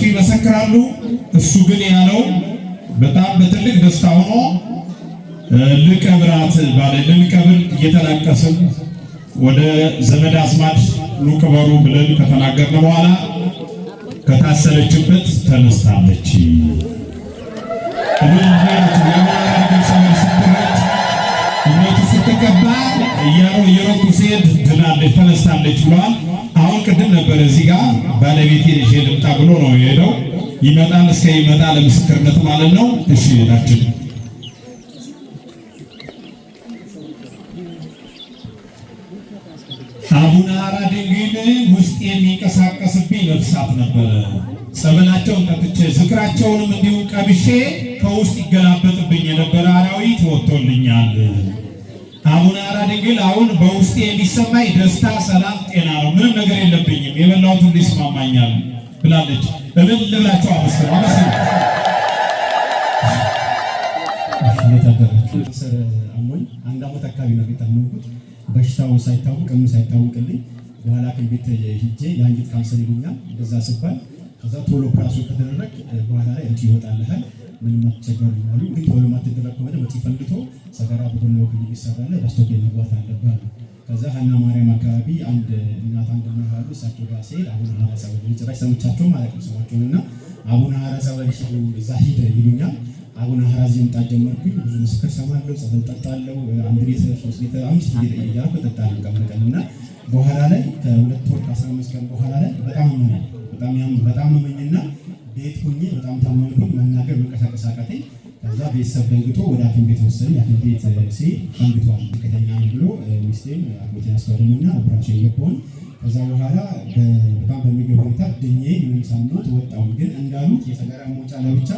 ሲያውቁ ይመሰክራሉ። እሱ ግን ያለው በጣም በትልቅ ደስታ ሆኖ ልቀብራት ባለ ልንቀብር እየተላቀስን ወደ ዘመድ አዝማድ ኑ ብለን ከተናገርን በኋላ ከታሰረችበት ተነስታለች። ስትቀባ እየሮጡ ሲሄድ ድናለች፣ ተነስታለች ብሏል። ቅድም ነበረ እዚህ ጋር ባለቤቴ ልጄ ልምጣ ብሎ ነው የሄደው። ይመጣል እስከ ይመጣ ለምስክርነት ማለት ነው። እሺ ቤታችን አቡነ ሐራ ድንግል ውስጥ የሚንቀሳቀስብኝ ነፍሳት ነበረ። ጸበላቸውን ጠጥቼ ዝክራቸውንም እንዲሁም ቀብሼ ከውስጥ ይገላበጥብኝ የነበረ አራዊት ወጥቶልኛል። አሁን አራዴ ግን አሁን በውስጤ የሚሰማኝ ደስታ፣ ሰላም፣ ጤና ነው። ምንም ነገር የለብኝም። የበላሁት ሁሉ ይስማማኛል ብላለች። እልል ልብላችሁ አመስግኑ። አሞኝ አንድ አመት አካባቢ ነው የታመምኩት። በሽታው ሳይታወቅ ምን ሳይታወቅልኝ በኋላ ከቤት ሂጄ የአንጀት ካንሰር ይሉኛል እንደዛ ስባል ከዛ ቶሎ ፕራሱ ከተደረግ በኋላ ላይ እርቅ ይወጣልሃል ምንም አትቸገር ይኖሪ ግን ቶሎ ማትደረግ ከሆነ በቂ ፈልቶ ሰገራ ቡድን ወግን የሚሰራለ በስቶክ መግባት አለበት። ከዛ ሀና ማርያም አካባቢ አንድ እናት አንድ ና እሳቸው ጋር ሲሄድ አቡነ ሀራ ጸበል ጭራሽ ሰምቻቸው ማለት ነው ስማቸውን እና አቡነ ሀራ ጸበል ሲሉ እዛ ሂደ ይሉኛል። አቡነ ሀራ እዚህ መምጣት ጀመርኩኝ። ብዙ ምስክር ሰማለሁ፣ ጸበል ጠጣለሁ። አንድ ሊትር ሶስት ሊትር አምስት ሊትር እያልኩ ጠጣለሁ ቀን እና በኋላ ላይ ከሁለት ወር ከአስራ አምስት ቀን በኋላ ላይ በጣም በጣም በጣም መመኝና ቤት ሆኜ በጣም ታመምኩኝ። መናገር መንቀሳቀስ አቃተኝ። ከዛ ቤተሰብ ደንግጦ ወደ ሐኪም ቤት ወሰደኝ። ሐኪም ቤት ሲ ደንግቷል። ዝቅተኛ ብሎ ሚስቴን አጎቴን አስፈረሙና ኦፕራሽን ገባሁኝ። ከዛ በኋላ በጣም በሚገባ ሁኔታ ድኜ ምንም ሳምኖት ወጣሁ። ግን እንዳሉት የሰገራ መውጫ ለብቻ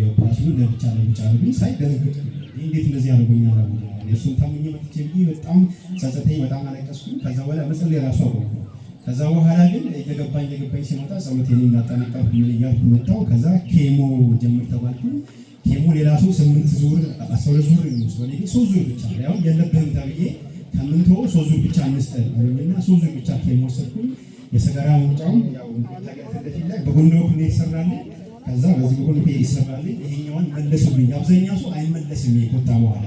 የኦፕራሽኑ ለብቻ ለብቻ ግን ሳይ ደንግጥ እንዴት እንደዚህ ያደርጎኛ ላ እሱን ታምኜ መጥቼ ብዬ በጣም ጸጸተኝ። በጣም አለቀስኩኝ። ከዛ በኋላ መጸለይ ራሱ አቆምኩ። ከዛ በኋላ ግን እየገባኝ እየገባኝ ሲመጣ ጸሎቴን እንዳጠናቀቅኩ ምን እያልኩ መጣሁ። ከዛ ኬሞ ጀምር ተባልኩ። ኬሞ ሌላ ሰው ስምንት ዙር አስራ ሁለት ዙር የሚወስድ ግን ሶስት ዙር ብቻ ያው የለብህም ተብዬ ከምንተወ ሶስት ዙር ብቻ እንስጠን እና ሶስት ዙር ብቻ ኬሞ ወሰድኩኝ። የሰገራ መውጫውም በጎን በኩል የተሰራለ ከዛ በዚህ በጎን ይሰራል። ይሄኛውን መለሱልኝ። አብዛኛው ሰው አይመለስም የቆጣ በኋላ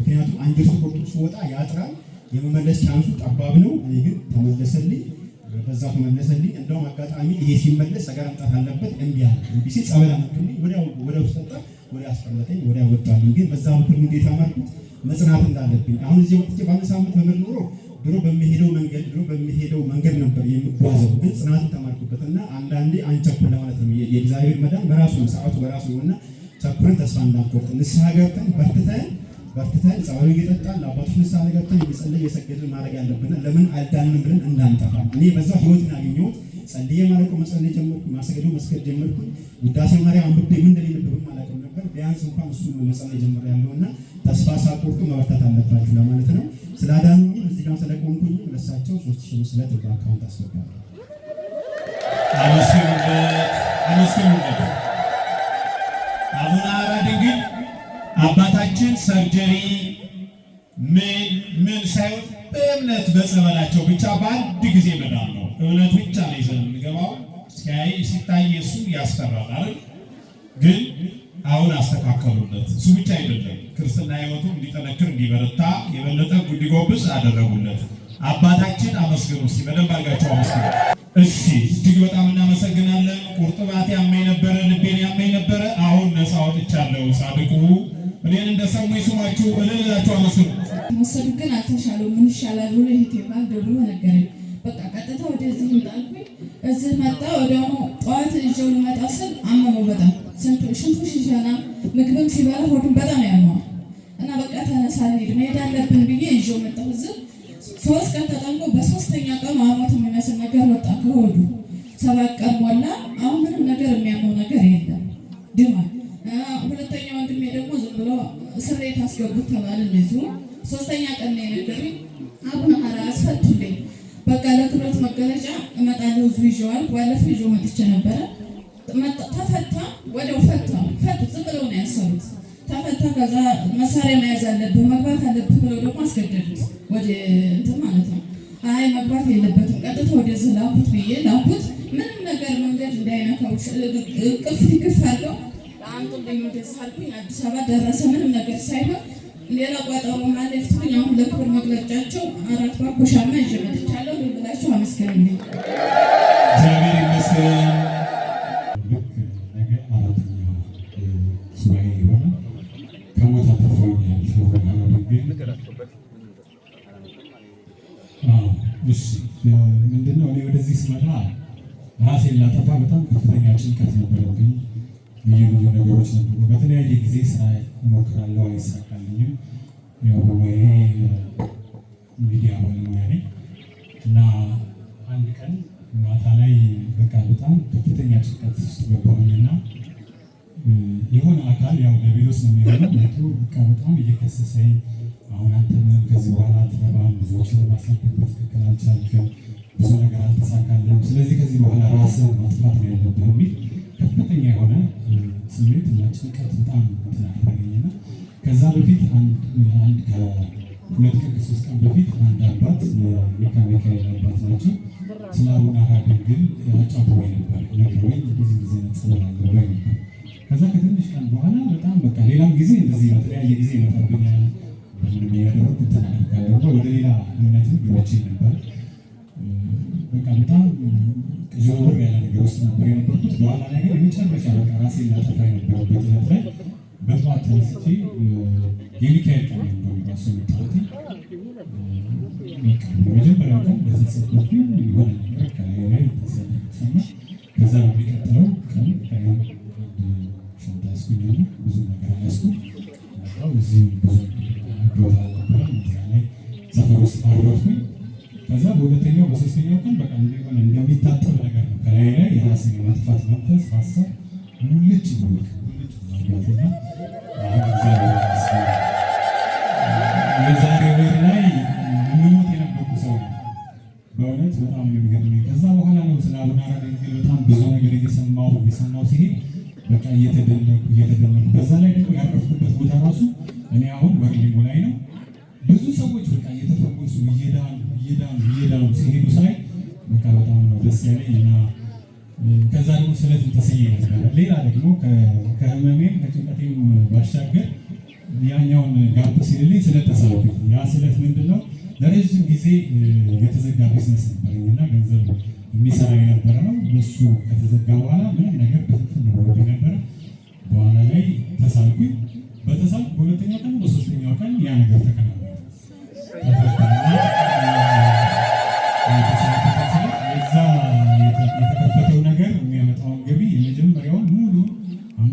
ምክንያቱም አንድ ሰው ሲወጣ ያጥራል። የመመለስ ቻንሱ ጠባብ ነው። እኔ ግን ተመለሰልኝ። በዛ ተመለሰልኝ። እንደውም አጋጣሚ ይሄ ሲመለስ ሰገራ መምጣት አለበት እምቢ አለ። እምቢ ሲል ጸበል አመጡልኝ። ወዲያ ወዲያ ውስጥ ወጣ፣ ወዲያ አስቀመጠኝ፣ ወዲያ ወጣልኝ። ግን በዛ ምክር ምን የተማርኩት መጽናት እንዳለብኝ አሁን እዚህ ወጥቼ በአንድ ሳምንት ተምር ድሮ በሚሄደው መንገድ ድሮ በሚሄደው መንገድ ነበር የምጓዘው። ግን ጽናትን ተማርኩበት እና አንዳንዴ አንቸኩል ለማለት ነው። የእግዚአብሔር መዳን በራሱ ነው፣ ሰዓቱ በራሱ ነው እና ቸኩልን ተስፋ እንዳንቆርጥ ንስሐ ገብተን በርትተን በፍተን ጸባዊ እየጠጣን ለአባቶች ንስሐ ገብተን እየጸለይ እየሰገድን ማድረግ ያለብን ለምን አልዳንም ብለን እንዳንጠፋ። እኔ በዛ ህይወትን ያገኘሁት ጸልዬ ማለቁ መጸለይ ጀመርኩ፣ ማሰገዱ መስገድ ጀመርኩ። ውዳሴ ማርያም አንብቤ ምን እንደሚነበብ አላውቅም ነበር። ቢያንስ እንኳን እሱ መጸለይ ጀምር ያለው እና ተስፋ ሳቆርጡ መበርታት አለባችሁ ለማለት ነው። ስላዳኑ እዚህ ጋር ስለቆምኩኝ ለሳቸው ሶስት ሺ ስለት ወደ አካውንት አስገባል። አመስግኑበት አመስግኑበት አቡና አባታችን ሰርጀሪ ምን ምን ሳይሆን በእምነት በጸበላቸው ብቻ በአንድ ጊዜ መዳን ነው። እምነት ብቻ ነው ይዘን የምንገባው። ሲታይ እሱ ያስፈራል አይደል? ግን አሁን አስተካከሉለት። እሱ ብቻ አይደለም ክርስትና ህይወቱ እንዲጠነክር እንዲበረታ የበለጠ እንዲጎብዝ አደረጉለት። አባታችን አመስግኑ እስኪ በደንብ አድርጋቸው አመስግኑ። እሺ እጅግ በጣም እናመሰግናለን። ቁርጥማት ያመኝ ነበረ፣ ልቤን ያመኝ ነበረ፣ አሁን ነፃ ወጥቻለሁ። ጻድቁ እኔን እንደሰሙ ይስማችሁ እልልላችሁ አመስግኑ። መወሰዱ ግን አልተሻለው። ምን ይሻላል ብሎ ይሄ ቴባል ደብሎ ነገረኝ። በቃ ቀጥታ ወደዚህ እንዳልኩኝ እዚህ መጣ። ወዲያውኑ ጠዋት ይዤው ልመጣ ስል አመመው በጣም ሽንቱ ሽሸና ምግብም ሲበላ ሆዱን በጣም ያመዋል እና በቃ ተነሳ እንሂድ መሄድ አለብን ብዬ ይዤው መጣሁ። እዚህ ሶስት ቀን ተጠምቆ በሶስተኛ ቀኑ አሞት የሚመስል ነገር ወጣ ከሆዱ ሰባት ቀን ሞላ። አሁን ምንም ነገር የሚያመው ነገር የለም ድማል ሁለተኛ ወንድሜ ደግሞ ዝም ብሎ እስር ቤት አስገቡት ተባለ። እነዚሁ ሶስተኛ ቀን ነው የነገሩኝ። አቡነ ሀራ አስፈቱልኝ። በቃ ለክብረት መገለጫ እመጣለሁ እዚሁ ይዤዋል። ባለፈው ይዤው መጥቼ ነበረ። ተፈታ፣ ወዲያው ፈታ ፈቱ። ዝም ብለው ነው ያሰሩት። ተፈታ። ከዛ መሳሪያ መያዝ አለብህ መግባት አለብህ ብለው ደግሞ አስገደዱት። ወደ እንትን ማለት ነው። አይ መግባት የለበትም ቀጥታ ወደዚህ ላኩት ብዬ ላኩት። ምንም ነገር መንገድ እንዳይነካው ቅፍ ይግፍ አለው አንቱን በሚደስ አዲስ አበባ ደረሰ። ምንም ነገር ሳይሆን ሌላ ቋጠሮ ማለት አሁን ለክብር መግለጫቸው አራት ባኮሻማ ይዤ መጥቻለሁ። ልብላችሁ አመስገን ነው እግዚአብሔር ይመስገን። ምንድነው እኔ ወደዚህ ስመጣ ራሴን ላጠፋ በጣም ከፍተኛ ጭንቀት ነበረብኝ። ልዩ ልዩ ነገሮች ነበሩ። በተለያየ ጊዜ ስራ እሞክራለሁ፣ አይሳካልኝም። ሙያዬ ሚዲያ ባለሙያ ነኝ እና አንድ ቀን ማታ ላይ በቃ በጣም ከፍተኛ ጭንቀት ውስጥ ገባሁኝና የሆነ አካል ያው ዲያብሎስ ነው የሚሆነው መቶ በቃ በጣም እየከሰሰኝ አሁን አንተ ምንም ከዚህ በኋላ አትረባም፣ ብዙዎችን ለማሳደግ በትክክል አልቻልክም፣ ብዙ ነገር አልተሳካልም። ስለዚህ ከዚህ በኋላ ራስህን ማጥፋት ነው ያለብህ የሚል ከፍተኛ የሆነ ስሜት እና ጭንቀት በጣም ትናደረገኝና ከዛ በፊት አንድ ከሁለት ቀን ሶስት ቀን በፊት አንድ አባት ሜካ ሚካኤል አባት ናቸው ስለ አቡነ ሀዲም ግን አጫውተውኝ ነበር ነግረውኝ እንደዚህ ጊዜ ነጽለ ነበር። ከዛ ከትንሽ ቀን በኋላ በጣም በቃ ሌላም ጊዜ እንደዚህ በተለያየ ጊዜ ይመጣብኛል። ምንም ያደረግ ተናደርጋለ ወደ ሌላ እምነትም ቢሮቼ ነበር በቃ በጣም ዞር ያለ ነገር ውስጥ ነበር የነበርኩት። በኋላ ላይ ግን የመጨረሻ በቃ ራሴን ላጠፋ የነበረበት ዕለት ላይ በጠዋት ተነስቼ የሚካኤል ቀን ነበር ራሱ የሚጠረት በመጀመሪያው ቀን በተሰበት የሆነ ነገር ከላይ ላይ ተሰማ። ከዛ በሚቀጥለው ቀን ከ ሻንታ ያስኩኝ ብዙ ነገር ያስኩ እዚህ መሰለ እና ከዛ ደግሞ ስለት ተሰየ ነበረ። ሌላ ደግሞ ከህመሜም ከጭንቀቴም ባሻገር ያኛውን ጋፕ ሲልልኝ ስለት ተሰሩት። ያ ስለት ምንድን ነው? ለረዥም ጊዜ የተዘጋ ቢዝነስ ነበረኝ እና ገንዘብ የሚሰራ የነበረ ነው። እሱ ከተዘጋ በኋላ ምንም ነገር በትክክል ነበረ ነበረ። በኋላ ላይ ተሳልኩኝ። በተሳልኩ በሁለተኛው ቀን በሶስተኛው ቀን ያ ነገር ተከናወነ።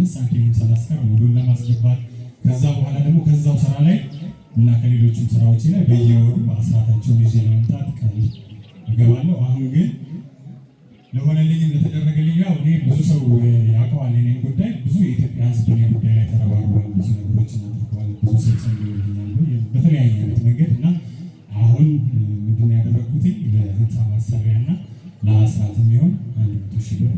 አምስት ሳንቲሙን ሰላሳ ወደ ለማስገባት ከዛ በኋላ ደግሞ ከዛው ስራ ላይ እና ከሌሎችም ስራዎች ላይ በየወሩ አስራታቸውን ይዤ ለመምጣት ቃል እገባለሁ። አሁን ግን ለሆነልኝ ለተደረገልኝ ያው እኔ ብዙ ሰው ያውቀዋል የእኔን ጉዳይ ብዙ የኢትዮጵያ ሕዝብ እኔ ጉዳይ ላይ ተረባርቧል። ብዙ ነገሮችን አድርገዋል። ብዙ ሰብሰብ ይሆኛሉ በተለያየ አይነት መንገድ እና አሁን ምንድን ነው ያደረግኩት ለህንፃ ማሰሪያ እና ለአስራት የሚሆን አንድ መቶ ሺህ ብር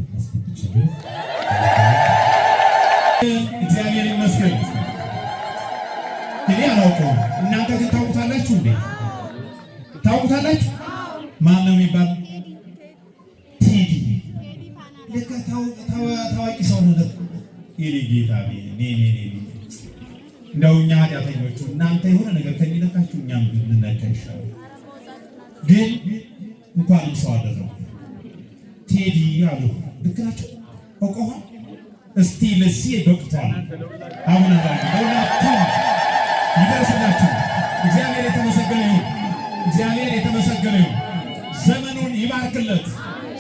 እንደው እኛ ኃጢአተኞቹ እናንተ የሆነ ነገር ከሚነካችሁ እኛም ብንነካ ይሻላል። ግን እንኳንም ሰው አደረጉ ቴዲ አሉ ብክናቸው እቆሆን እስቲ ለዚህ ዶክተር አሁን ሁላቱ ይደርስላችሁ። እግዚአብሔር የተመሰገነ ይሁን። እግዚአብሔር የተመሰገነ ይሁን። ዘመኑን ይባርክለት።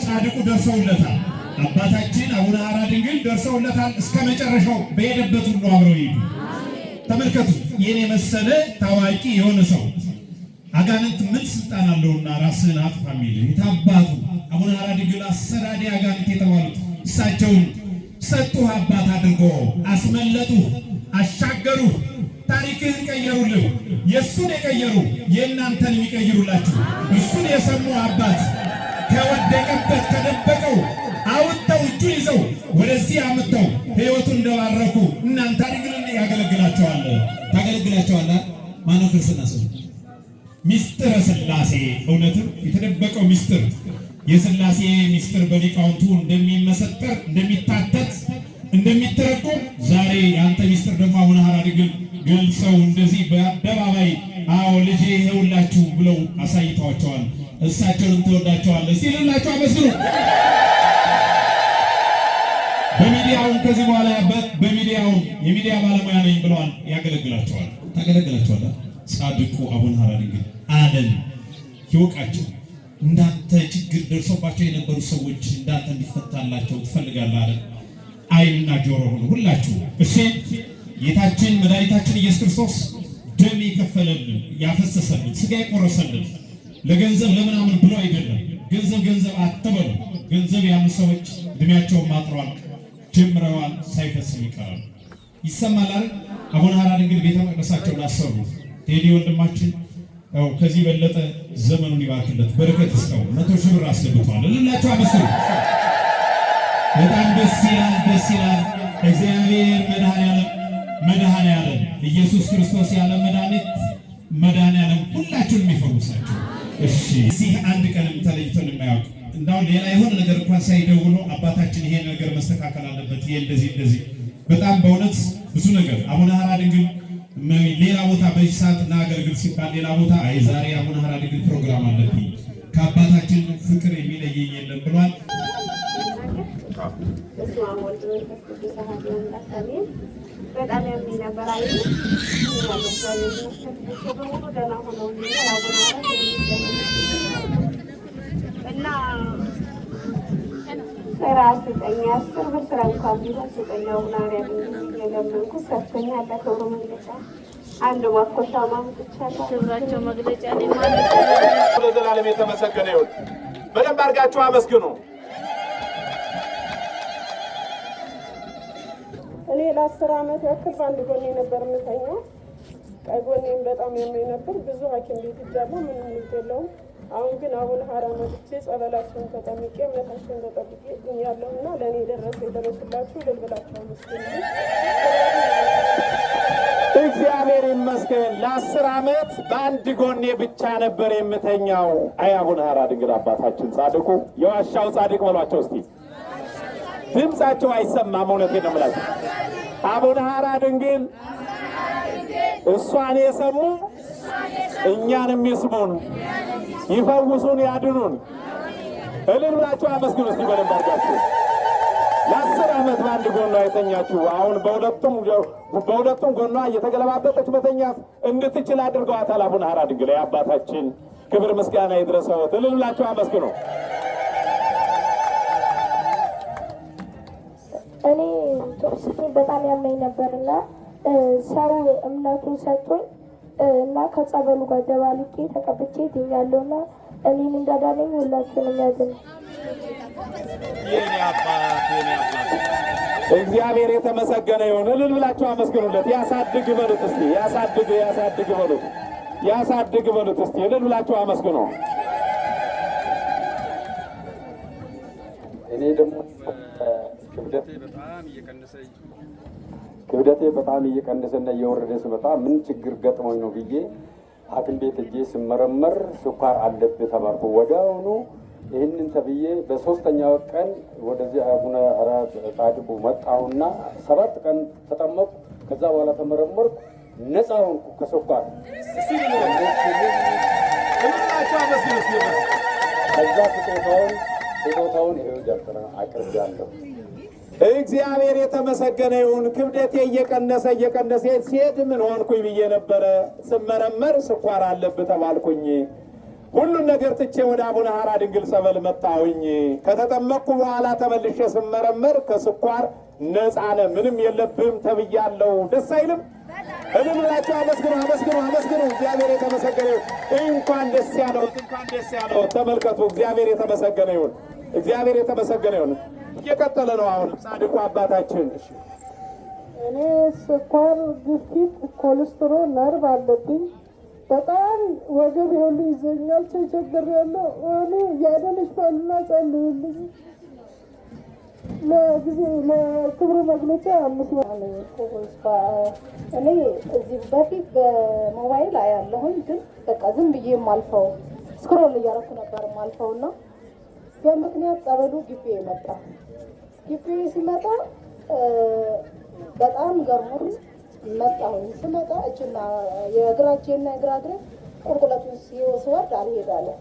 ጻድቁ ደርሰውለታል። አባታችን አቡነ ሐራ ድንግል ደርሰውለታል። እስከ መጨረሻው በሄደበት ሁሉ አብረው ይሄዱ። ተመልከቱ። ይህን የመሰለ ታዋቂ የሆነ ሰው አጋንንት ምን ስልጣን አለውና ራስን አጥፋ የሚል የታባቱ አቡነ ሀራ ድንግል አሰዳዴ አጋንንት የተባሉት እሳቸውን ሰጡህ አባት አድርጎ አስመለጡ፣ አሻገሩ፣ ታሪክህን ቀየሩልን። የእሱን የቀየሩ የእናንተን የሚቀይሩላችሁ እሱን የሰሙ አባት ከወደቀበት ከደበቀው አውጥተው እጁን ይዘው ወደዚህ አምጥተው ሕይወቱን እንደባረኩ እናንተ አድግልን ያገለግላቸዋል ታገለግላቸዋል። ማነው ክርስትና ሰው ሚስጥረ ሥላሴ እውነትም የተደበቀው ሚስጥር የስላሴ ሚስጥር በሊቃውንቱ እንደሚመሰጠር እንደሚታተት እንደሚተረጎም ዛሬ የአንተ ሚስጥር ደግሞ አሁን ሀራሪ ግን ገልጸው እንደዚህ በአደባባይ አዎ ልጄ ይኸውላችሁ ብለው አሳይተዋቸዋል። እሳቸውን ትወዳቸዋለህ ሲልላቸው አመስግኑ። በሚዲያውን ከዚህ በኋላ በሚዲያውን የሚዲያ ባለሙያ ነኝ ብለዋል። ያገለግላቸዋል፣ ታገለግላቸዋለህ። ጻድቁ አቡነ ሐራ ድንግል ዓለም ይወቃቸው። እንዳንተ ችግር ደርሶባቸው የነበሩ ሰዎች እንዳንተ እንዲፈታላቸው ትፈልጋለህ አለ። ዓይንና ጆሮ ሆኑ ሁላችሁ። እሺ ጌታችን መድኃኒታችን ኢየሱስ ክርስቶስ ደም የከፈለልን ያፈሰሰልን ስጋ የቆረሰልን ለገንዘብ ለምናምን ብሎ አይደለም። ገንዘብ ገንዘብ አትበሉ። ገንዘብ ያሉ ሰዎች እድሜያቸውን ማጥሯል ጀምረዋል፣ ሳይፈስም ይቀራል። ይሰማል አይደል? አቡነ ሀራን እንግዲህ ቤተ መቅደሳቸውን አሰሩ። ቴዲ ወንድማችን ከዚህ በለጠ ዘመኑን ይባርክለት፣ በረከት ይስጠው። መቶ ሺህ ብር አስገብቷል እላቸው። አመስሉ በጣም ደስ ይላል፣ ደስ ይላል። እግዚአብሔር መድኃኔዓለም መድኃኔዓለም ኢየሱስ ክርስቶስ ያለ መድኃኒት መድኃኔዓለም ሁላችሁንም ይፈውሳችሁ። እሺ እዚህ አንድ ቀንም ተለይቶን የማያውቅ እንዳው ሌላ የሆነ ነገር እንኳን ሳይደውሉ አባታችን ይሄ ነገር መስተካከል አለበት፣ ይሄ እንደዚህ እንደዚህ በጣም በእውነት ብዙ ነገር አቡነ ሀራ ድንግል ሌላ ቦታ በዚህ ሰዓት ና አገልግል ሲባል ሌላ ቦታ አይ ዛሬ አቡነ ሀራ ድንግል ፕሮግራም አለብኝ ከአባታችን ፍቅር የሚለየኝ የለም ብሏል። በጣም እና ስራ ስጠኝ፣ አስር ብር ስራ እንኳን ቢሆን ስጠኝ። አንድ ማኮሻ ማምጥቻለሁ። ክብራቸው መግለጫ ለዘላለም የተመሰገነ ይሁን። በደንብ አድርጋችሁ አመስግኑ። እኔ ለአስር ዓመት ያክል በአንድ ጎን ነበር የምተኛው ከጎኔም በጣም ያመኝ ነበር። ብዙ ሐኪም ቤት ምንም ልት የለውም። አሁን ግን አቡነ ሀራ መጥቼ ጸበላቸውን ተጠምቄ እምነታቸውን ተጠብቄ ያለው እና ለእኔ የደረሰ የደረሱላችሁ ልልብላቸው ምስል እግዚአብሔር ይመስገን። ለአስር ዓመት በአንድ ጎኔ ብቻ ነበር የምተኛው። አይ አቡነ ሀራ ድንግል አባታችን ጻድቁ የዋሻው ጻድቅ በሏቸው እስቲ። ድምፃቸው አይሰማም። እውነቴን ነው የምላቸው አቡነ ሀራ ድንግል እሷን የሰሙ እኛንም ይስሙን፣ ይፈውሱን፣ ያድኑን። እልል ብላችሁ አመስግኑ እስቲ በደንብ አድርጋችሁ። ለአስር ዓመት በአንድ ጎኗ የተኛችሁ አሁን በሁለቱም ጎኗ እየተገለባበጠች መተኛት እንድትችል አድርገዋታል። አቡነ ሀራ ድንግል አባታችን ክብር ምስጋና ይድረሰዎት። እልል ብላችሁ አመስግኑ። እኔ ቶክሲቲ በጣም ያመኝ ነበርና ሰው እምነቱን ሰጥቶኝ እና ከጸበሉ ጋር ደባልቄ ተቀብቼ ይገኛለሁ እና እኔን እንዳዳነኝ ሁላችንም ያዝነ እግዚአብሔር የተመሰገነ ይሁን። እልል ብላችሁ አመስግኑለት። ያሳድግ በሉት እስቲ ያሳድግ ያሳድግ በሉት ያሳድግ በሉት እስቲ እልል ብላችሁ አመስግኑ። እኔ ደግሞ ክብደቴ በጣም እየቀነሰ ክብደቴ በጣም እየቀነሰና እየወረደ ስመጣ ምን ችግር ገጥሞኝ ነው ብዬ ሐኪም ቤት እጄ ስመረመር ስኳር አለብህ ተባልኩ። ወዲያውኑ ይህንን ተብዬ በሶስተኛው ቀን ወደዚህ አቡነ ጻድቁ መጣሁና ሰባት ቀን ተጠመቁ። ከዛ በኋላ ተመረመርኩ፣ ነፃ ሆንኩ ከስኳር። ከዛ ስጦታውን ስጦታውን ይኸው ጀርጥና አቅርቤያለሁ። እግዚአብሔር የተመሰገነ ይሁን። ክብደቴ እየቀነሰ እየቀነሰ ሲሄድ ምን ሆንኩኝ ብዬ ነበረ ስመረመር ስኳር አለብህ ተባልኩኝ። ሁሉን ነገር ትቼ ወደ አቡነ ሐራ ድንግል ጸበል መጣሁኝ። ከተጠመቅኩ በኋላ ተመልሼ ስመረመር ከስኳር ነፃ ነህ፣ ምንም የለብህም ተብያለሁ። ደስ አይልም? እኔ ምላቸው አመስግኑ፣ አመስግኑ፣ አመስግኑ። እግዚአብሔር የተመሰገነ ይሁን። እንኳን ደስ ያለው፣ እንኳን ደስ ያለው። ተመልከቱ። እግዚአብሔር የተመሰገነ ይሁን። እግዚአብሔር የተመሰገነ ይሁን። እየቀጠለ ነው። አሁንም ጻድቁ አባታችን እኔ ስኳር፣ ግፊት፣ ኮሌስትሮል፣ ነርቭ አለብኝ። በጣም ወገብ ሁሉ ይዘኛል። ተቸግር ያለው እኔ ያደለች ባልና ጸልዩልኝ። ለጊዜ ለክብሩ መግለጫ አምስት እኔ እዚህ በፊት በሞባይል አያለሁኝ፣ ግን በቃ ዝም ብዬ ማልፈው ስክሮል እያረኩ ነበር ማልፈው እና በምክንያት ጸበሉ ግቢ መጣ ግቢ ሲመጣ በጣም ገርሞኝ መጣሁኝ። ስመጣ እችና የግራ እግሬ ቁልቁለቱ ሲወስወርድ አልሄዳለም።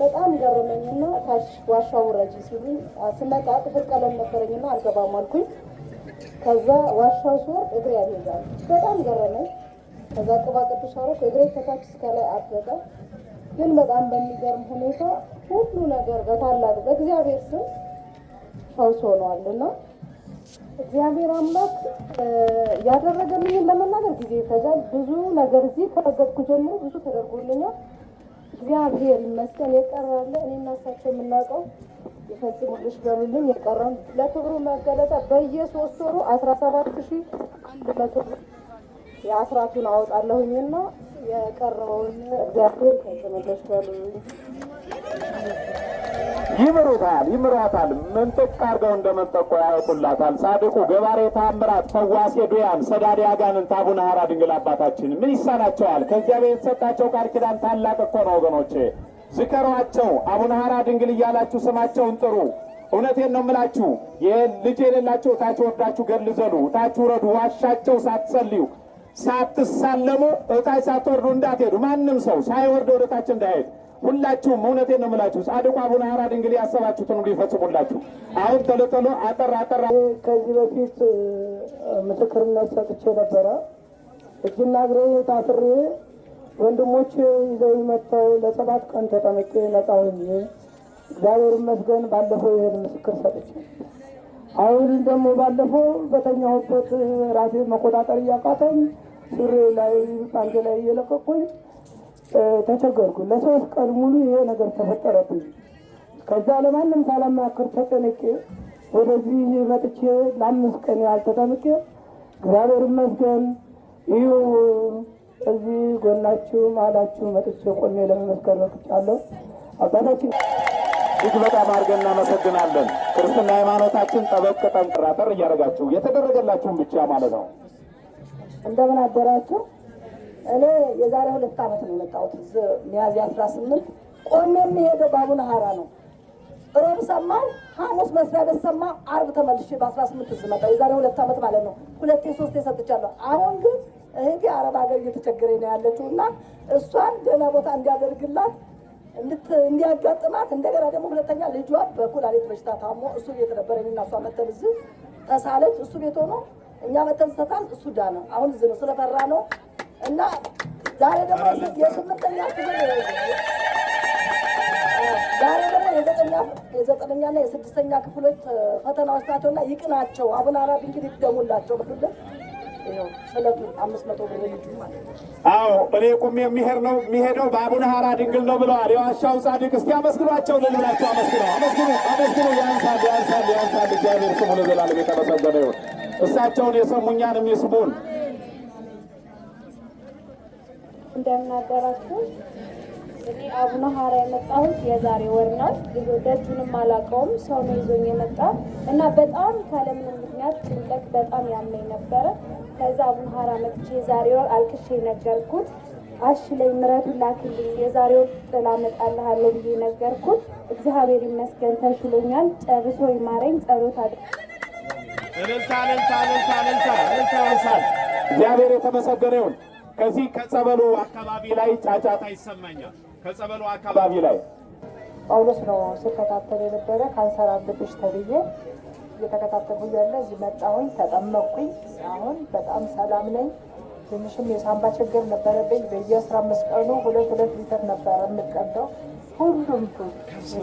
በጣም ገረመኝና ታች ዋሻ ውረጅ ሲሉ ስመጣ ጥፍር ቀለም ነበረኝና አልገባም አልኩኝ። ከዛ ዋሻው ስወርድ እግሬ ያልሄዳል። በጣም ገረመኝ። ከዛ ቅባ ቅዱስ አሮ እግሬ ከታች እስከላይ ላይ ግን በጣም በሚገርም ሁኔታ ሁሉ ነገር በታላቅ በእግዚአብሔር ስም ፈውስ ሆኗል እና እግዚአብሔር አምላክ ያደረገልኝን ለመናገር ጊዜ ይፈጃል። ብዙ ነገር እዚህ ከረገጥኩ ጀምሮ ብዙ ተደርጎልኛል። እግዚአብሔር ይመስገን። የቀራለ እኔ እናሳቸው የምናውቀው የፈጽሙልሽ በሉልኝ። የቀረም ለክብሩ መገለጫ በየሶስት ወሩ አስራ ሰባት ሺ አንድ መቶ የአስራቱን አወጣለሁኝና የቀረውን እግዚአብሔር ይፈጽሙልሽ በሉልኝ። ይምሩታል፣ ይምሯታል። ምንጥቅ አድርገው እንደመጠቆ ያወጡላታል። ጻድቁ ገባሬ ታምራት ፈዋሴ ዱያን ሰዳዴ አጋንንት አቡነ ሀራ ድንግል አባታችን ምን ይሳናቸዋል? ከእግዚአብሔር የተሰጣቸው ቃል ኪዳን ታላቅ እኮ ነው ወገኖቼ። ዝከሯቸው፣ አቡነ ሀራ ድንግል እያላችሁ ስማቸውን ጥሩ። እውነቴን ነው የምላችሁ። ልጅ የሌላቸው እታችሁ ወርዳችሁ ገልዘሉ፣ እታችሁ ረዱ፣ ዋሻቸው ሳትጸልዩ ሳትሳለሙ፣ እታች ሳትወርዱ እንዳትሄዱ። ማንም ሰው ሳይወርድ ወደ ታች እንዳይሄድ ሁላችሁም እውነቴን ነው የምላችሁ፣ ጻድቁ አቡነ አራድ እንግዲህ ያሰባችሁትን ሁሉ ይፈጽሙላችሁ። አሁን ቶሎ ቶሎ አጠር አጠር። ከዚህ በፊት ምስክርነት ሰጥቼ ነበረ። እጅና እግሬ ታስሬ ወንድሞች ይዘው መጥተው ለሰባት ቀን ተጠመቄ ነፃ ሆኜ እግዚአብሔር ይመስገን ባለፈው ይሄን ምስክር ሰጥቼ፣ አሁን ደግሞ ባለፈው በተኛሁበት ራሴ መቆጣጠር እያቃተኝ ሱሬ ላይ ጣንቴ ላይ እየለቀቁኝ ተቸገርኩ። ለሶስት ቀን ሙሉ ይሄ ነገር ተፈጠረብኝ። ከዛ ለማንም ሳላማክር ተጨንቄ ወደዚህ መጥቼ ለአምስት ቀን ያህል ተጠምቄ እግዚአብሔር ይመስገን ይሁ እዚህ ጎናችሁ ማላችሁ መጥቼ ቆሜ ለመመስከር በቅቻለሁ። አባታችን እጅ በጣም አድርገን እናመሰግናለን። ክርስትና ሃይማኖታችን ጠበቅ ጠንቅራ እያደረጋችሁ የተደረገላችሁን ብቻ ማለት ነው። እንደምን አደራችሁ? እኔ የዛሬ ሁለት ዓመት ነው የመጣሁት። ሚያዝያ አስራ ስምንት ቆሜ የሚሄደው በአቡነ ሀራ ነው። ሮብ ሰማው፣ ሐሙስ መስሪያ ቤት ሰማሁ፣ አርብ ተመልሼ በአስራ ስምንት እዚህ መጣሁ። የዛሬ ሁለት ዓመት ማለት ነው። ሁለቴ ሶስቴ ሰጥቻለሁ። አሁን ግን እህቴ አረብ ሀገር እየተቸገረኝ ነው ያለችው እና እሷን ደህና ቦታ እንዲያደርግላት እንዲያጋጥማት እንደገና ደግሞ ሁለተኛ ልጇ በኩላሊት በሽታ ታሞ እሱ ቤት ነበር። እኔና እሷ መተን እዚህ ተሳለች። እሱ ቤት ሆኖ እኛ መተን ተሳል እሱ ዳነ። አሁን እዚህ ነው ስለፈራ ነው እና ዛሬ ደግሞ የስምንተኛ ክፍል ዛሬ ደግሞ የዘጠነኛ ና የስድስተኛ ክፍሎች ፈተናዎች ይቅ ናቸው። አቡነ አራት እንግዲህ ትደሙላቸው ብትልን አዎ እኔ ቁም የሚሄድ ነው የሚሄደው በአቡነ ሀራ ድንግል ነው ብለዋል። የዋሻው ጻድቅ እስቲ አመስግኗቸው ልላቸው። አመስግነው አመስግኑ አመስግኑ። ያንሳል ያንሳል ያንሳል። እግዚአብሔር ስሙ ለዘላለም የተመሰገነ ይሁን። እሳቸውን የሰሙኛንም የሚስሙን እንደምን አደራችሁ። እኔ አቡነ ሀራ የመጣሁት የዛሬ ወር ነው። ደጁንም አላውቀውም፣ ሰው ነው ይዞኝ የመጣ እና በጣም ካለምንም ምክንያት ጭንቀት በጣም ያመኝ ነበረ። ከዛ አቡነ ሀራ መጥቼ የዛሬ ወር አልቅሼ ነገርኩት። አሽ ላይ ምረቱ ላክልኝ፣ የዛሬ ወር ጥላ መጣልሃለሁ ብዬ ነገርኩት። እግዚአብሔር ይመስገን ተሽሎኛል። ጨርሶ ይማረኝ። ጸሎት አድ እልልታ እልልታ እልልታ እልልታ እልልታ እግዚአብሔር የተመሰገነ ይሁን። ከዚህ ከጸበሉ አካባቢ ላይ ጫጫታ ይሰማኛል። ከጸበሉ አካባቢ ላይ ጳውሎስ ነው ስከታተል የነበረ ካንሰር አለብሽ ተብዬ እየተከታተሉ ያለ እዚህ መጣሁኝ፣ ተጠመቅኩኝ። አሁን በጣም ሰላም ነኝ። ትንሽም የሳምባ ችግር ነበረብኝ። በየአስራ አምስት ቀኑ ሁለት ሁለት ሊትር ነበረ የምትቀደው ሁሉም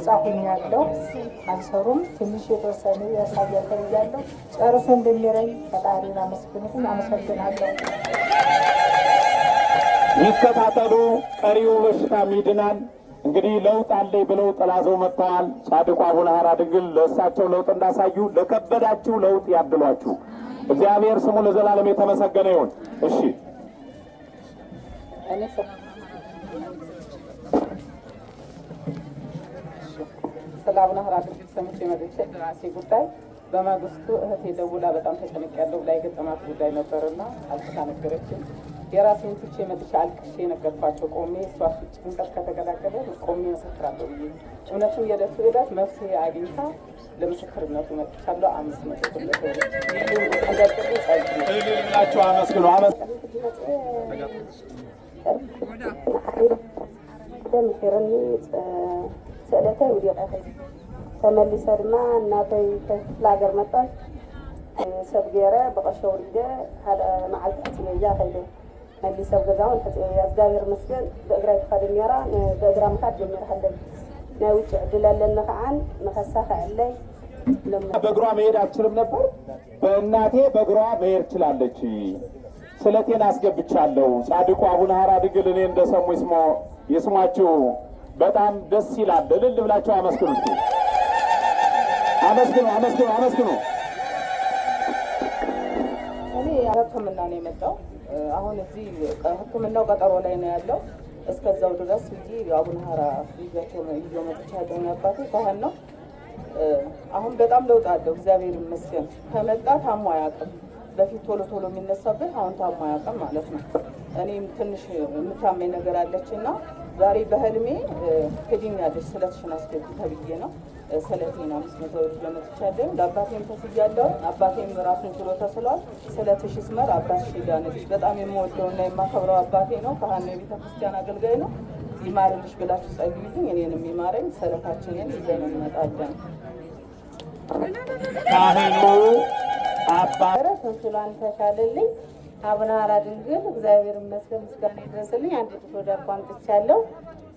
ጻፉኝ ያለው አንሰሩም ትንሽ የተወሰነ ያሳያል ያለው ጨርሶ እንደሚረኝ ፈጣሪን አመስግንኩኝ። አመሰግናለሁ። ይከታተሉ። ቀሪው በሽታ ይድናል። እንግዲህ ለውጥ አለኝ ብለው ጥላዘው መጥተዋል። ጻድቁ አቡነ ሐራ ድንግል ለእሳቸው ለውጥ እንዳሳዩ ለከበዳችሁ ለውጥ ያድሏችሁ። እግዚአብሔር ስሙ ለዘላለም የተመሰገነ ይሁን። እሺ ስለ አቡነ ሐራ ድንግል ሰምቼ መጥቼ ራሴ ጉዳይ በማግስቱ እህቴ ደውላ በጣም ተጨንቄያለሁ ያለው የገጠማት ጉዳይ ነበርና አልተናገረችም። የራሴን ትቼ መጥቼ አልቅሼ ነገርኳቸው። ቆሜ እሷ ጭንቀት ከተገላገለ ቆሜ መሰክራለሁ ብዬ እውነትም የዕለቱ ዕለት መፍትሄ አግኝታ ለምስክርነቱ መጥቻለሁ። አምስት መቶ ብለቸው አመስግኖ ደምሕርኒ ስእለተይ ውዲቀተይ ተመሊሰ ድማ እናተይ ክፍለ ሃገር መጣች ሰብ ገይረ ብቀሸ ውሪደ ሓደ መዓልቲ ኣትመያ ከይደ መሊሰ ኣብ ገዛ እውን እግዚኣብሔር መስገን ብእግራይ ክኻ ድሜራ ብእግራ ምካድ ጀሚርካ ኣለይ ናይ ውጭ ዕድል ኣለኒ ከዓን ንኸሳኺዕ ኣለይ በእግሯ መሄድ አትችልም ነበር። በእናቴ በእግሯ መሄድ ችላለች። ስለቴን አስገብቻለሁ። ጻድቁ አቡነ ሀራ ድግል እኔ እንደሰሙ ስሞ ይስማችሁ። በጣም ደስ ይላል። እልል ብላችሁ አመስግኑ። አመስግኑ፣ አመስግኑ፣ አመስግኑ። እኔ ሕክምና ነው የመጣው አሁን እዚህ ሕክምናው ቀጠሮ ላይ ነው ያለው። እስከዛው ድረስ እንጂ አቡነ ሀራ ይዟቸው ይዞ መጥቻ መጥቻለሁ። አባቴ ካህን ነው። አሁን በጣም ለውጥ አለው። እግዚአብሔር ይመስገን። ከመጣ ታሞ አያውቅም። በፊት ቶሎ ቶሎ የሚነሳብን አሁን ታሞ አያውቅም ማለት ነው። እኔም ትንሽ የምታመኝ ነገር አለች እና ዛሬ በህልሜ ክድኛለች ስለትሽን አስገቢ ተብዬ ነው ስለቴን አምስት መቶ ብር ለመትቻለሁ። ለአባቴም ተስያለሁ። አባቴም ራሱን ችሎ ተስሏል። ስለትሽ ስመር አባትሽ ዳነች። በጣም የምወደውና የማከብረው አባቴ ነው። ካህን የቤተክርስቲያን አገልጋይ ነው። ይማርልሽ ብላችሁ ጸልዩልኝ፣ እኔንም ይማረኝ። ስለታችንን ይዘን እንመጣለን። አባረስ ምስሏን ተሻለልኝ አቡነ ሀራ ድንግል እግዚአብሔር ይመስገን ምስጋና ይድረስልኝ። አንድ ጡት ወደ አፏን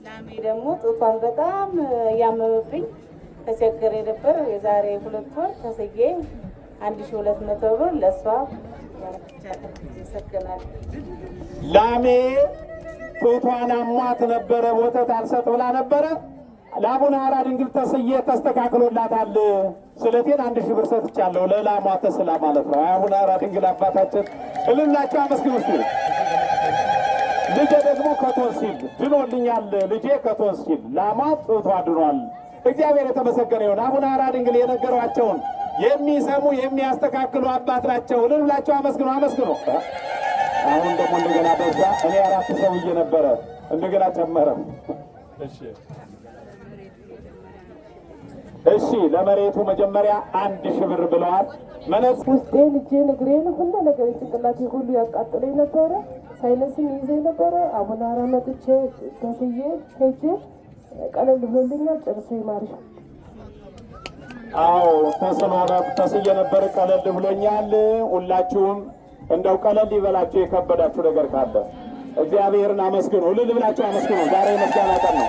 ላሜ ደግሞ ጡቷን በጣም እያመመብኝ ተቸገሬ ነበር። የዛሬ ሁለት ወር ተስዬ አንድ ሺህ ሁለት መቶ ብር ለእሷ ይሰገናል። ላሜ ጡቷን አሟት ነበረ ወተት አልሰጥ ብላ ነበረ ላሙን ሐራ ድንግል ተስዬ ተስተካክሎላታል። ስለቴን አንድ ሺህ ብር ሰጥቻለሁ። ለላሟ ተስላ ማለት ነው። አሁን ሐራ ድንግል አባታችን እልላቸው አመስግኑ። ልጄ ደግሞ ከቶንሲል ድኖልኛል። ልጄ ከቶንሲል ላሟ ጡቷ ድኗል። እግዚአብሔር የተመሰገነ ይሁን። አሁን ሐራ ድንግል የነገሯቸውን የሚሰሙ የሚያስተካክሉ አባት ናቸው። እልላቸው አመስግኑ፣ አመስግኑ። አሁን ደግሞ እንደገና በዛ እኔ አራት ሰውዬ ነበረ እንደገና ጨመረም። እሺ እሺ ለመሬቱ መጀመሪያ አንድ ሺህ ብር ብለዋል። መነጽ ውስጤን፣ እጄን፣ እግሬን ሁሉ ነገር ጭንቅላቴ ሁሉ ያቃጥለኝ ነበረ። ሳይነስም ይዘ ነበረ። አቡነ አራ መጥቼ ተስዬ ሄጄ ቀለል ብሎልኛል። ጨርሶ ይማር። አዎ ተሰማራት ተስዬ ነበር። ቀለል ብሎኛል። ሁላችሁም እንደው ቀለል ይበላችሁ የከበዳችሁ ነገር ካለ እግዚአብሔርን አመስግኑ። እልል ብላችሁ አመስግኑ። ዛሬ መስጋና ቀን ነው።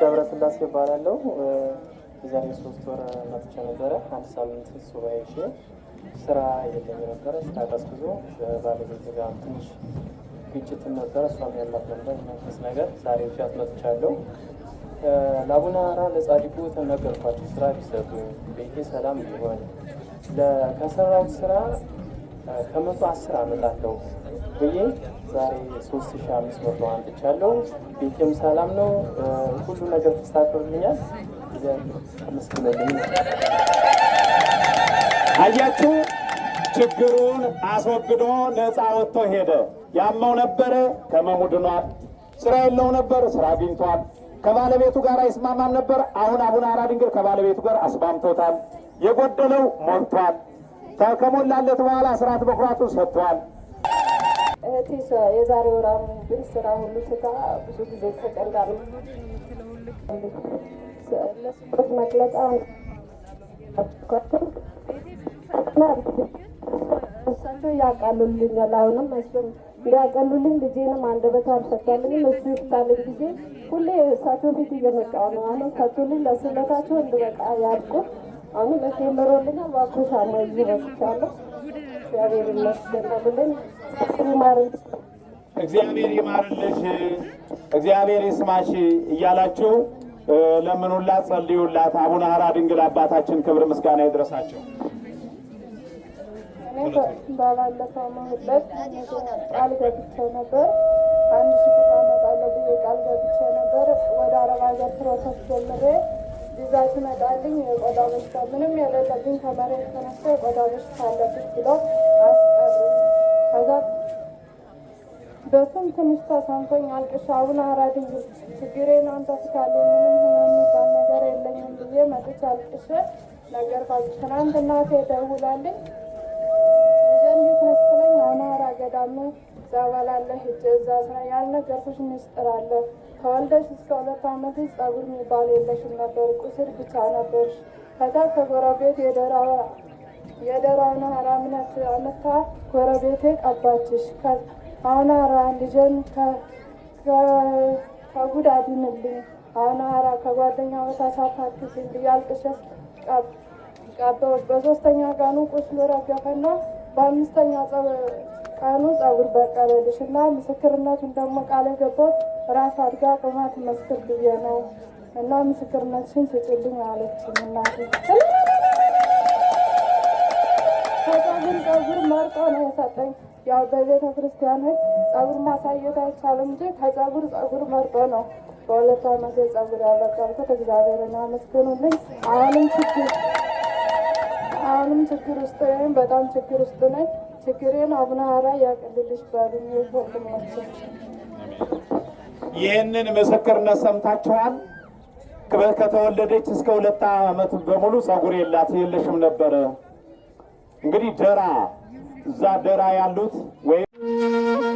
ገብረ ስላሴ ይባላለሁ። የዛሬ ሶስት ወር መጥቼ ነበረ። አንድ ሳምንት ሱባኤ ስራ የለኝ ነበረ። ስራ ቀስቅዞ ባለቤት ጋር ትንሽ ግጭትም ነበረ። እሷም ያላት ነበር መንፈስ ነገር ዛሬ መጥቻለሁ። ለአቡነ ለጻድቁ ተነገርኳቸው ስራ ቢሰጡ ቤቴ ሰላም ቢሆን ከሰራሁት ስራ ከመቶ አስር አመጣለሁ ብዬ ዛሬ 3500 አምጥቻለሁ። ቤቴም ሰላም ነው። ሁሉ ነገር ተስተካክሎልኛል። አመስግነልኝ። አያችሁ ችግሩን አስወግዶ ነፃ ወጥቶ ሄደ። ያመው ነበረ፣ ከመሙ ድኗል። ስራ የለው ነበር፣ ስራ አግኝቷል። ከባለቤቱ ጋር አይስማማም ነበር። አሁን አቡነ አራ ድንግል ከባለቤቱ ጋር አስማምቶታል። የጎደለው ሞልቷል። ከሞላለት በኋላ አስራት በኩራቱን ሰጥቷል። እህቴ የዛሬ ወራሙ ግን ስራ ሁሉ ትታ ብዙ ጊዜ ተቀልዳሉ ለስፖርት መግለጫ እሳቸው ያቃሉልኛል። አሁንም እሱም እንዲያቀሉልኝ ልጄንም አንደበት አልፈታልኝም። እሱ ይፍታልኝ ጊዜ ሁሌ እሳቸው ፊት እየመጣሁ ነው። አሁን ፈቱልኝ፣ ለስለታቸው እንድበቃ ያብቁ። አሁንም እቴ ምሮልኛል። እባክዎ ሻማ ይዤ እግዚአብሔር ይመስገን በሉልኝ። እግዚአብሔር ይማርልሽ፣ እግዚአብሔር ይስማሽ እያላችሁ ለምኑላት፣ ጸልዩላት። አቡነ ሀራ ድንግል አባታችን ክብር ምስጋና ይድረሳቸው። ባላለፈው መሁለት ቃል ገብቼ ነበር። አንድ ቃል ነበር። ወደ አረብ ሀገር ፕሮሰስ ጀምሬ ቪዛ ትመጣልኝ የቆዳ በሽታ ምንም የሌለብኝ ከመሬት ተነስቶ የቆዳ በሽታ አለብኝ ብለው አስቀሩ። ከዛ በሱም ትንሽ ተሰምቶኝ አልቅሻ አቡነ አራድዩ ችግሬን አንተ ትካለህ፣ ምንም ህመም የሚባል ነገር የለኝም ብዬ መጥቼ አልቅሼ ነገርኳቸው። ትናንት እናቴ ደውላልኝ እንዴት ነሽ ስትለኝ አቡነ ገዳም ጸበላለህ ሂጅ፣ እዛ ስራ ያልነገርኩሽ ምስጢር አለ። ከወልደሽ እስከ ሁለት ዓመት ጸጉር የሚባል የለሽም ነበር፣ ቁስል ብቻ ነበርሽ። ከዛ ከጎረቤት የደራ የደራና አራምነት አመታ ጎረቤቴ ቀባችሽ አሁን አራ ከጉድ አድንልኝ አሁን አራ ከጓደኛ ወታሳታክስ እንዲያልቅሸት ቀባዎች። በሶስተኛ ቀኑ ቁስሉ ረገፈና በአምስተኛ ቀኑ ጸጉር በቀለልሽ እና ምስክርነቱን ደግሞ ቃለ ገባት ራስ አድጋ ቁማት መስክር ብዬ ነው እና ምስክርነትሽን ስጭልኝ አለችኝ እናቴ። የጠጉን ፀጉር መርጦ ነው የሰጠኝ። ያው በቤተ ክርስቲያን ጸጉር ማሳየት አይቻልም እንጂ ከጸጉር ጸጉር መርጦ ነው በሁለት ዓመት ጸጉር ያበቀልኩት። እግዚአብሔርን አመስግኑልኝ። አሁንም ችግር አሁንም ችግር ውስጥ ወይም በጣም ችግር ውስጥ ነኝ። ችግሬን አቡነ ሀራ ያቅልልሽ ባሉኝ ወንድማቸው ይህንን ምስክርነት ሰምታችኋል። ከተወለደች እስከ ሁለት ዓመት በሙሉ ፀጉር የላት የለሽም ነበረ እንግዲህ ደራ እዛ ደራ ያሉት ወይም